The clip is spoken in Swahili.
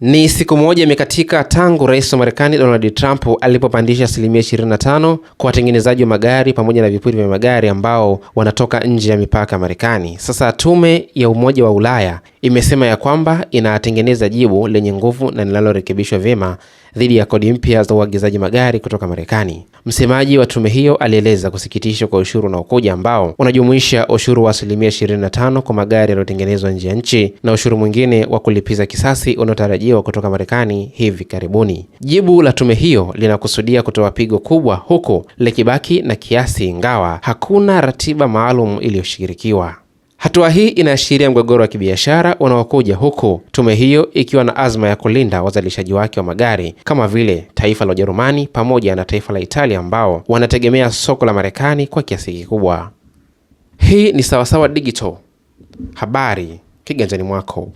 Ni siku moja imekatika tangu rais wa Marekani Donald Trump alipopandisha asilimia 25 kwa watengenezaji wa magari pamoja na vipuri vya magari ambao wanatoka nje ya mipaka ya Marekani. Sasa tume ya Umoja wa Ulaya imesema ya kwamba inatengeneza jibu lenye nguvu na linalorekebishwa vyema dhidi ya kodi mpya za uagizaji magari kutoka Marekani. Msemaji wa tume hiyo alieleza kusikitishwa kwa ushuru unaokuja ambao unajumuisha ushuru wa asilimia 25 kwa magari yaliyotengenezwa nje ya nchi na ushuru mwingine wa kulipiza kisasi unaotarajiwa matarajio kutoka Marekani hivi karibuni. Jibu la tume hiyo linakusudia kutoa pigo kubwa, huku likibaki na kiasi, ingawa hakuna ratiba maalum iliyoshirikiwa. Hatua hii inaashiria mgogoro wa kibiashara unaokuja huku tume hiyo ikiwa na azma ya kulinda wazalishaji wake wa magari kama vile taifa la Ujerumani pamoja na taifa la Italia ambao wanategemea soko la Marekani kwa kiasi kikubwa. Hii ni Sawasawa Digital, habari kiganjani mwako.